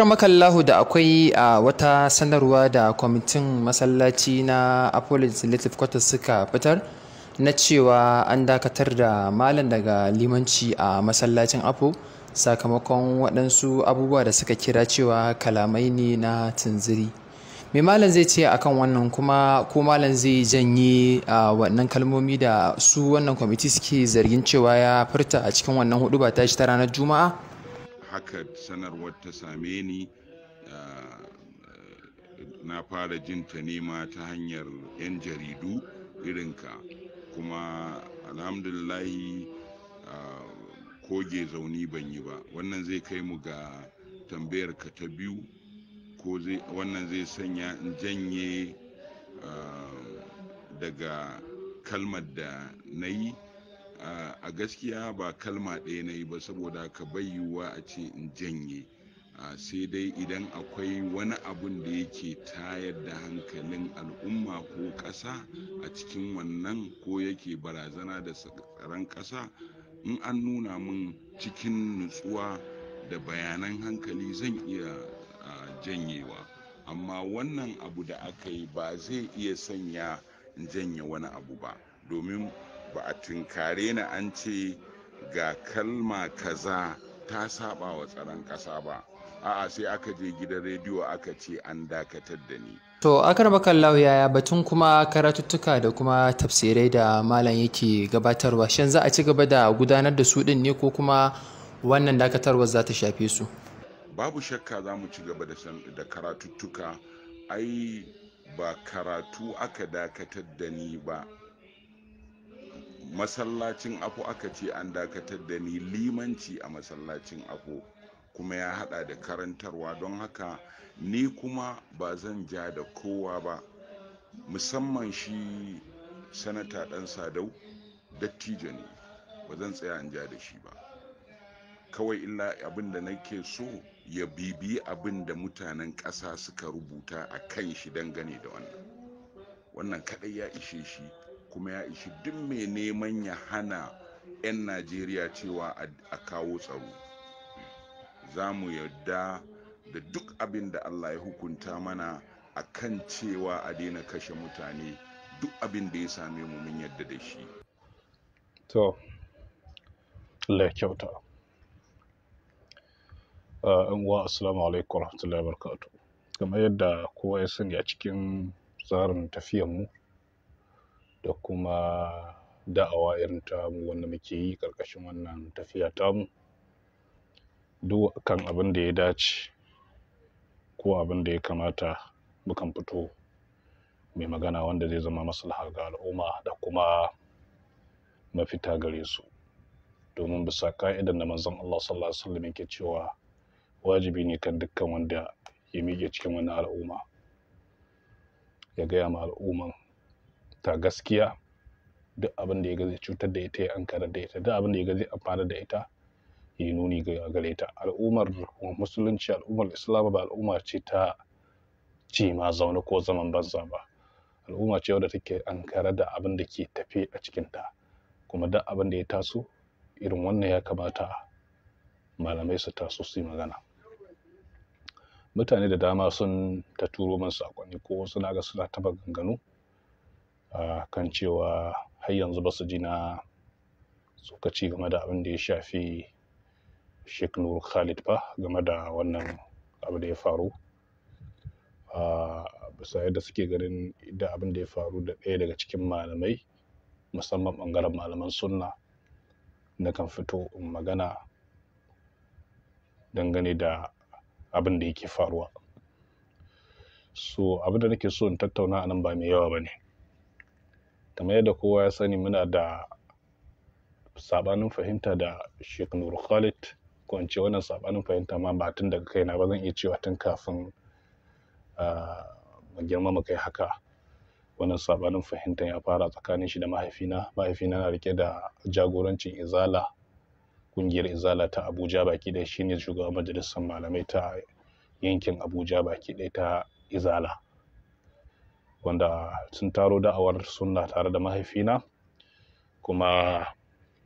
makallahu da akwai a wata sanarwa da kwamitin masallaci na apollos legislative quarters suka fitar na cewa an dakatar da malam daga limanci a masallacin apo sakamakon waɗansu abubuwa da suka kira cewa kalamai ne na tunziri me malam zai ce akan wannan kuma ko malam zai janye a wannan kalmomi da su wannan kwamiti suke zargin cewa ya furta a cikin wannan hudu ba ta shi ta ranar juma'a haka sanarwar ta same ni ah, eh, na fara jin ta nema ta hanyar 'yan jaridu irinka kuma alhamdulillahi ah, koge zauni ban yi ba wannan zai kai mu ga tambayar ka ta biyu ko wannan zai sanya in janye ah, daga kalmar da na yi a gaskiya ba kalma ɗaya na yi ba saboda ka bayyuwa a ce in janye sai dai idan akwai wani abun da yake tayar da hankalin al'umma ko ƙasa a cikin wannan ko yake barazana da tsaron ƙasa in an nuna min cikin nutsuwa da bayanan hankali zan iya janyewa amma wannan abu da aka yi ba zai iya sanya in janye wani abu ba domin ba a tinkare ni an ce ga kalma kaza ta saba wa tsaron ƙasa ba a'a sai aka je gidan rediyo aka ce an dakatar da ni to akar lauya yaya batun kuma karatuttuka da kuma tafsirai da malam yake gabatarwa shan za a ci gaba da gudanar da su din ne ko kuma wannan dakatarwar za ta shafe su babu shakka za mu ci gaba da karatuttuka ai ba karatu aka dakatar da ni ba masallacin afo aka ce an dakatar da ni limanci a masallacin afo kuma ya hada da karantarwa don haka ni kuma ba zan ja da kowa ba musamman shi sanata dan sadau dattijo ne ba zan tsaya an ja da shi ba kawai illa abinda da nake so ya bibi abin da mutanen ƙasa suka rubuta a kan shi dangane da wannan wannan kadai ya ishe shi kuma ya ishi duk mai neman ya hana 'yan najeriya cewa a kawo tsaro za mu yarda da duk abin da allah ya hukunta mana a kan cewa a daina kashe mutane duk abin da ya same mu mun yadda da shi to kyauta uh, uwa assalamu alaikum kamar yadda kowa ya sani a cikin tsarin tafiyar mu da kuma da'awa irin mu wanda muke yi ƙarƙashin wannan tafiya tamu duk kan abin da ya dace ko abin da ya kamata mukan fito mai magana wanda zai zama maslaha ga al'umma da kuma mafita gare su domin bisa ka'idan da manzon Allah sallallahu alaihi wasallam yake cewa wajibi ne kan dukkan wanda ya miƙe cikin wani al'umma ya gaya ma al'umman ta gaskiya duk abin da ya ga cutar da ita ya ankara da ita duk abin da ya ga zai amfana da ita ya yi nuni ga gare ta al'ummar musulunci al'ummar islam ba al'umma ce ta ce ma zaune ko zaman banza ba al'umma ce wadda take ankara da abin da ke tafi a cikinta kuma duk abin da ya taso irin wannan ya kamata malamai su taso su yi magana mutane da dama sun ta turo min saƙonni ko wasu na ga suna taba ganganu kan cewa har yanzu ba su ji na tsokaci game da abin da ya shafi Sheikh Nur Khalid ba game da wannan abu da ya faru bisa yadda suke ganin da abin da ya faru da ɗaya daga cikin malamai musamman ɓangaren malaman sunna na kan fito in magana dangane da abin da yake faruwa so abin da nake so in tattauna a nan ba mai yawa ba ne kamar yadda kowa ya sani muna da sabanin fahimta da Sheikh Nur Khalid ko in ce wannan sabanin fahimta ma ba tun daga kaina ba zan iya cewa tun kafin mu girma mu kai haka wannan sabanin fahimta ya fara tsakanin shi da mahaifina mahaifina na rike da jagorancin izala ƙungiyar izala ta Abuja baki ɗaya shine shugaban majalisar malamai ta yankin Abuja baki ɗaya ta izala wanda sun taro da'awar sunna tare da mahaifina kuma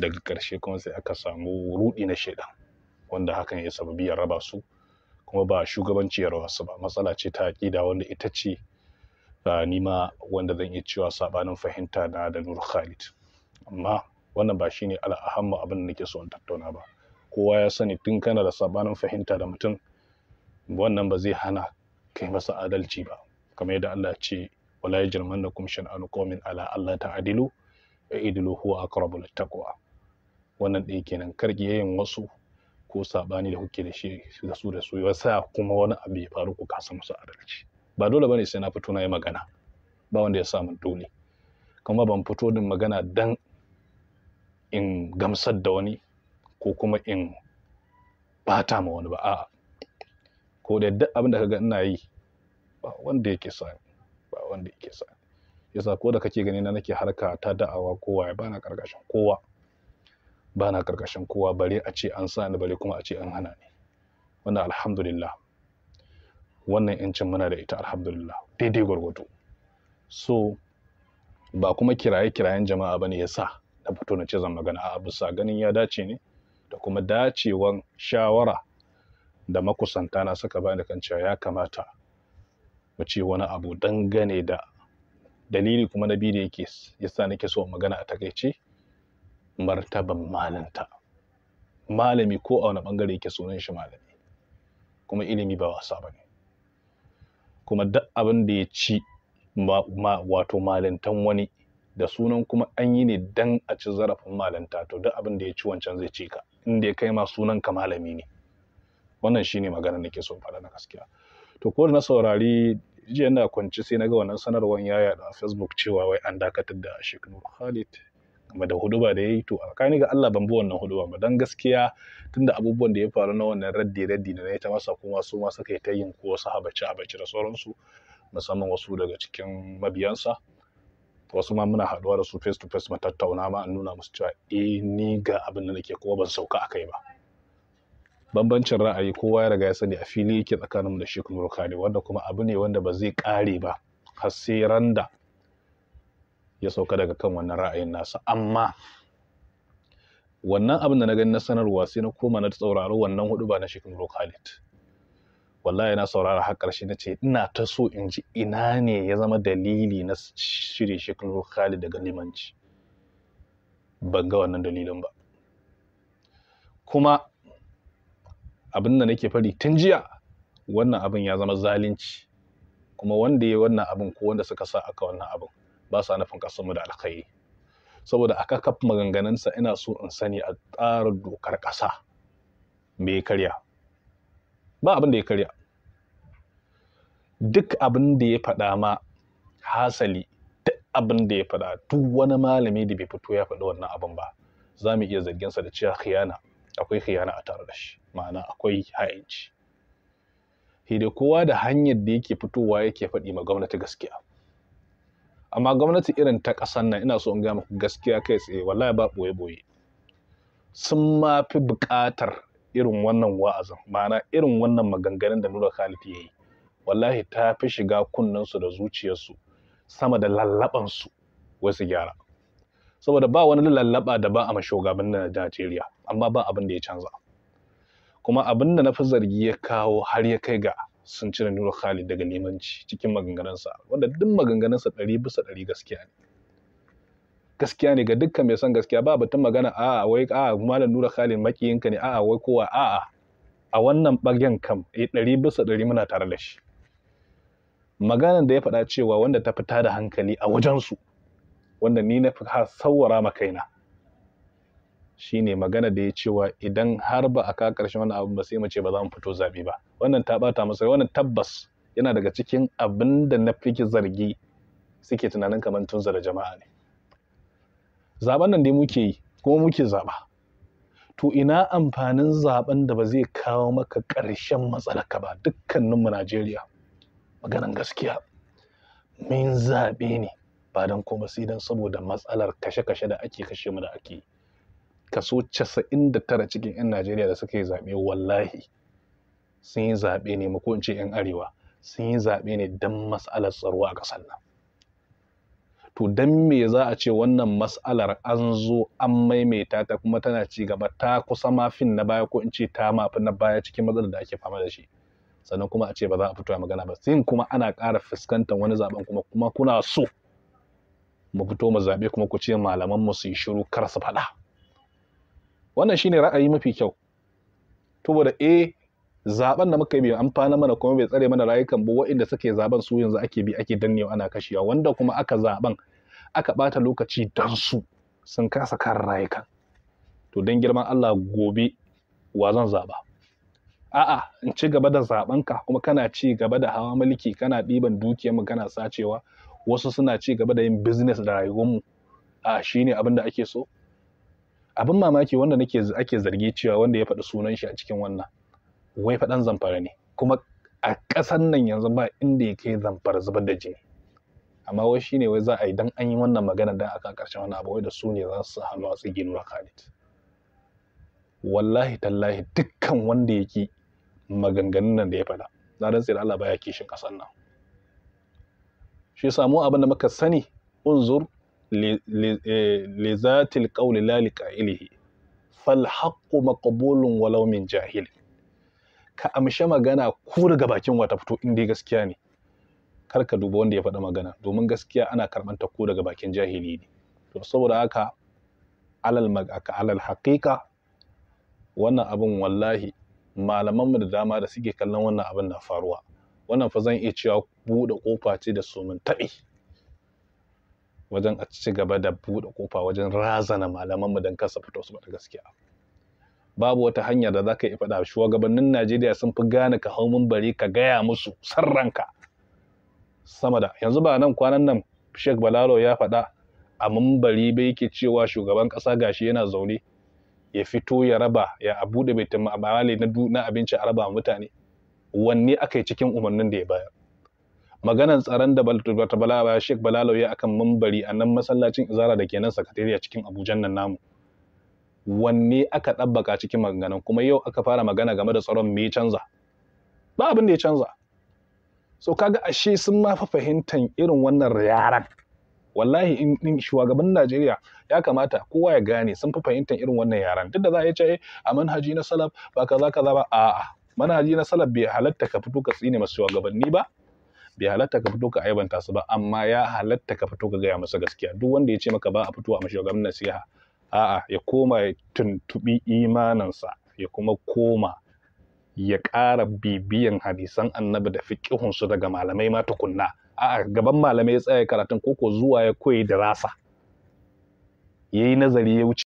daga ƙarshe kuma sai aka samu ruɗi na shaidan wanda hakan ya sababi ya raba su kuma ba shugabanci ya rawarsu ba matsala ce ta aƙida wanda ita ce nima wanda zan iya cewa saɓanin fahimta na da Nur Khalid amma wannan ba shine al'ahamma abin da nake so in tattauna ba kowa ya sani tun kana da saɓanin fahimta da mutum wannan ba zai hana kai masa adalci ba kamar yadda Allah ce wala yajrimannakum shan'anu qaumin ala alla ta'dilu i'dilu huwa aqrabu littaqwa wannan ɗaya kenan karki yayin wasu ko sabani da kuke da shi da su da su sa kuma wani abu ya faru ku kasa musu adalci ba dole bane sai na fito na yi magana ba wanda ya sa min dole kuma ban fito din magana dan in gamsar da wani ko kuma in bata ma wani ba a ko da duk abin da kaga ina yi ba wanda yake sa wanda yake sa yasa ko da kake gani na nake harka ta da'awa kowa ba na karkashin kowa ba na karkashin kowa bare a ce an sa ni bare kuma a ce an hana ni wannan alhamdulillah wannan yancin muna da ita alhamdulillah daidai gwargwado so ba kuma kiraye-kirayen jama'a bane ya sa na fito na ce zan magana a bisa ganin ya dace ne da kuma dacewan shawara da makusanta na saka bani kan cewa ya kamata mu wani abu dangane da dalili kuma na biyu da yake yasa nake so magana a takaice martaban malanta malami ko a wani bangare yake sunan shi malami kuma ilimi ba wasa ba ne kuma duk abin da ya ci wato malantan wani da sunan kuma an yi ne dan a ci zarafin malanta to duk abin da ya ci wancan zai ci ka inda ya kai ma sunan ka malami ne wannan shine magana nake so faɗa na gaskiya to ko na saurari jiya na kwanci sai na ga wannan sanarwar ya yaɗa a facebook cewa wai an dakatar da Sheikh Nur Khalid game da huduba da ya yi to a kani ga Allah ban bi wannan huduba ba dan gaskiya tunda abubuwan da ya faru na wannan raddi raddi na ya ta masa kuma su ma suka yi ta yin ko wasu habaci habaci da sauransu musamman wasu daga cikin mabiyansa wasu ma muna haɗuwa da su face to face tattauna ma an nuna musu cewa eh ni ga abin da nake kuma ban sauka akai ba bambancin ra'ayi kowa ya riga ya sani a fili yake tsakaninmu da Sheikh Nurkani wanda kuma abu ne wanda ba zai kare ba har sai randa ya sauka daga kan wannan ra'ayin nasa amma wannan abin da na gani na sanarwa sai na koma na tsauraro wannan hudu ba na Sheikh Khalid wallahi na saurara har karshe na ce ina ta so in ji ina ne ya zama dalili na shirye Sheikh Khalid daga limanci ban ga wannan dalilin ba kuma abin da nake fari tun jiya wannan abin ya zama zalunci kuma wanda ya wannan abin ko wanda suka sa aka wannan abin ba sa nufin mu da alkhairi saboda a kafa maganganunsa ina so in sani a tsarin dokar ƙasa me ya karya ba abin da ya karya duk abin da ya faɗa ma hasali duk abin da ya faɗa duk wani malami da bai fito ya faɗi wannan abin ba za mu iya zargin sa da cewa khiyana akwai khiyana a tare da shi ma'ana akwai ha'inci da kowa da hanyar da yake fitowa yake faɗi ma gwamnati gaskiya amma gwamnati irin ta ƙasar nan ina so in ga muku gaskiya kai tsaye wallahi ba ɓoye ɓoye sun ma fi buƙatar irin wannan wa'azin ma'ana irin wannan maganganun da nura khalid ya yi wallahi ta fi shiga kunnensu da zuciyarsu sama da lallaɓansu wasu gyara saboda ba wani lallaɓa da ba a mashogaban na Najeriya amma ba abin da ya canza kuma abin da na fi zargi ya kawo har ya kai ga sun cire Nura Khalid daga limanci cikin maganganunsa wanda duk maganganunsa ɗari bisa ɗari gaskiya ne gaskiya ne ga dukkan mai son gaskiya ba batun magana a'a wai a'a malam Nura Khalid makiyinka ne a'a wai kowa a'a a wannan bagen kam eh ɗari bisa ɗari muna tare da shi maganar da ya faɗa cewa wanda ta fita da hankali a wajensu wanda ni na fi sawwara ma kaina shine magana da ya cewa idan har ba a ka ƙarshen wannan abin ba sai mu ce ba za mu fito zaɓe ba wannan ta bata masa wannan tabbas yana daga cikin abin da na fi zargi suke tunanin kamar tun zara jama'a ne zaben nan dai muke yi kuma muke zaɓa to ina amfanin zaɓen da ba zai kawo maka ƙarshen matsalaka ba dukkaninmu Najeriya maganan gaskiya min zaɓe ne ba don kuma sai don saboda matsalar kashe-kashe da ake kashe mu da ake yi kaso 99 cikin 'yan Najeriya da suka yi zaɓe wallahi sun yi zaɓe ne ko ce 'yan arewa sun yi zaɓe ne don mas'alar tsaro a ƙasar nan to don me za a ce wannan mas'alar an zo an maimaita ta kuma tana ci gaba ta kusa mafin na baya ko in ce ta mafi na baya cikin matsalar da ake fama da shi sannan kuma a ce ba za a fito a magana ba sin kuma ana kara fuskantar wani zaben kuma kuma kuna so mu fito mu zaɓe kuma ku ce malaman mu su yi shiru kar su faɗa wannan shine ra'ayi mafi kyau saboda eh zaben da muka yi bai amfana mana kuma bai tsare mana rayukan ba waɗanda suke zaben su yanzu ake bi ake dannewa ana kashewa wanda kuma aka zaben aka bata lokaci dan su sun kasa kare rayukan to dan girman Allah gobe wa zan zaba a'a in ci gaba da zaben ka kuma kana ci gaba da hawa mulki kana ɗiban dukiyar mu kana sacewa wasu suna ci gaba da yin business da rayuwar mu a shine abin da ake so abin mamaki wanda nake ake zargi cewa wanda ya faɗi sunan shi a cikin wannan wai faɗan zamfara ne kuma a ƙasan nan yanzu ba inda ya kai zamfara zubar da jini amma wai shine wai za a yi dan an yi wannan magana dan aka ƙarshen wannan abu wai da su ne za su hannu a tsiginuwa Khalid wallahi tallahi dukkan wanda yake maganganun nan da ya faɗa na sai da Allah baya kishin ƙasar nan shi samu abin da muka sani unzur lizatil eh, qawli la liqa'ilihi fal haqqu maqbulun walau min jahil ka amshe magana ko daga bakin wata fito in dai gaskiya ne kar ka duba wanda ya faɗi magana domin gaskiya ana karɓanta ko daga bakin jahili ne to saboda haka alal aka alal haqiqa wannan abin wallahi malamanmu da dama da suke kallon wannan abin na faruwa wannan fa zan iya cewa buɗe ƙofa ce da su mun taɓi wajen a ci gaba da buɗe ƙofa wajen razana malamanmu don kasa fito su da gaskiya babu wata hanya da zaka ka yi faɗa shugabannin najeriya sun fi gane ka hau bari ka gaya musu sarranka sama da yanzu ba nan kwanan nan sheikh balalo ya faɗa a mambari bai yake cewa shugaban ƙasa gashi yana zaune ya fito ya raba ya a buɗe bai tamma na abinci a raba mutane wanne aka yi cikin umarnin da ya bayar maganar tsaron da Dr. Bala shek Balalo ya akan mambari a nan masallacin Izara da ke kenan sakatariya cikin Abuja nan namu wanne aka ɗabbaka cikin maganganun kuma yau aka fara magana game da tsaron me canza ba abin da ya canza so kaga ashe sun ma fa fahimtan irin wannan yaran wallahi in, shugaban Najeriya ya kamata kowa ya gane sun fi fahimtar irin wannan yaran duk da za a yi ce eh, a manhaji na salaf ba kaza kaza ba a'a manhaji na salaf bai halatta ka fito ka tsine masu shugabanni ba bai halatta ka fito ka aibanta su ba amma ya halatta ka fito ka gaya masa gaskiya duk wanda ya ce maka ba a fito a mashi gwamnati nasiha a'a ya koma ya tuntubi imaninsa ya kuma koma ya ƙara bibiyan hadisan annabi da su daga malamai ma tukunna a'a gaban malamai ya tsaya karatun koko zuwa ya koyi da rasa yayi nazari ya wuce